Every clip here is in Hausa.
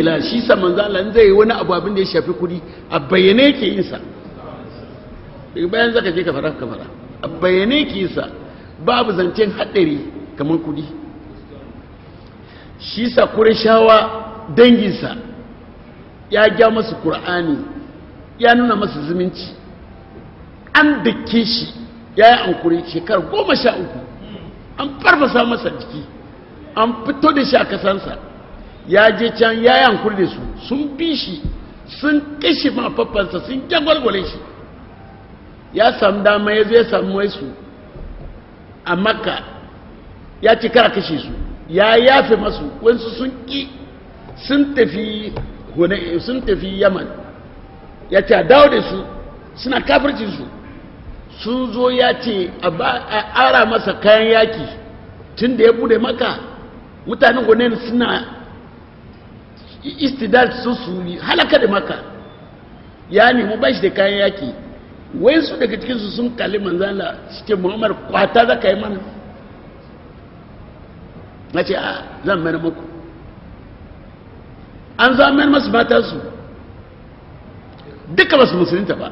ila shi sa manzo zai wani abu abin da ya shafi kudi a bayyane yake yin sa daga bayan zaka je ka fara ka fara a bayyane yake yin sa babu zancen haɗari kamar kudi shi sa Qurayshawa danginsa ya gya masa Qur'ani ya nuna masa zumunci an dake shi ya yi ankuri shekar goma sha uku an farfasa masa jiki an fito da shi a kasansa ya je can ya yankuri da su sun bi shi sun kishi mafaffansa sun jagwalgwale shi ya samu dama ya zai samu wai su a makka ya ci kara kashe su ya yafe masu wansu sun ki sun tafi sun tafi yaman ya ce dawo da su suna kafircin su sun zo ya ce a ara masa kayan yaki tun da ya bude maka mutanen gwanin suna istidal su suni halaka da maka ya nemi bashi da kayan yaki wai su daga cikinsu sun kalli manzala suke muhammad kwata za ka yi mana na ce a zan mayar maku an za mayar masu su duka basu musulinta ba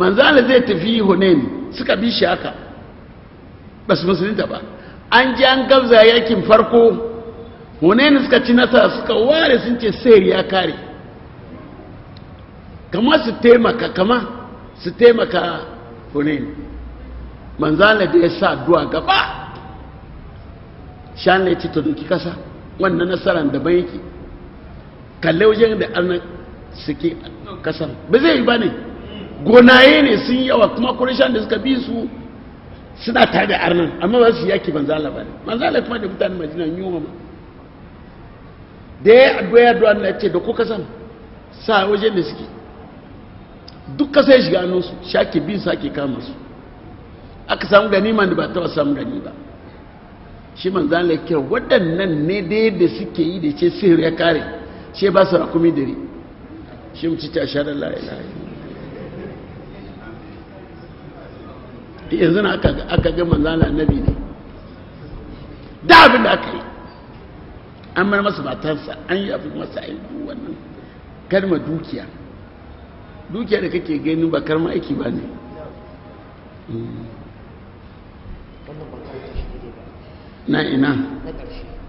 manzala zai tafi hunain suka bi shi haka basu musulinta ba an ji an gabza yakin farko hunayen suka ci nasa suka ware sun ce sayar ya kare kama su taimaka kama su taimaka hunayen manzana da ya sa duwa gaba shan ya ci ta doki kasa wannan nasarar da bai yake kalle wajen da an suke kasar ba zai yi ba ne gonaye ne sun yawa kuma kurishan da suka bi su suna tare da arnan amma ba su yaki manzala ba ne manzala kuma da mutane majina wa ma da ya yi addu'a ya addu'a na ce da ko kasan sa wajen da suke duk kasa ya shiga hannunsu shake bin sake kama su aka samu gani ma da ba taba samu gani ba shi man Allah ya kira waɗannan ne dai da suke yi da ce sihir ya kare shi ba su rakumi dare shi mu cita ta shahada la ilaha yanzu na aka ga manzana Allah annabi ne da abin da aka an mara masa matarsa an yi abu masa aiki wannan karma dukiya dukiya da kake gani ba karma aiki ba ne na ina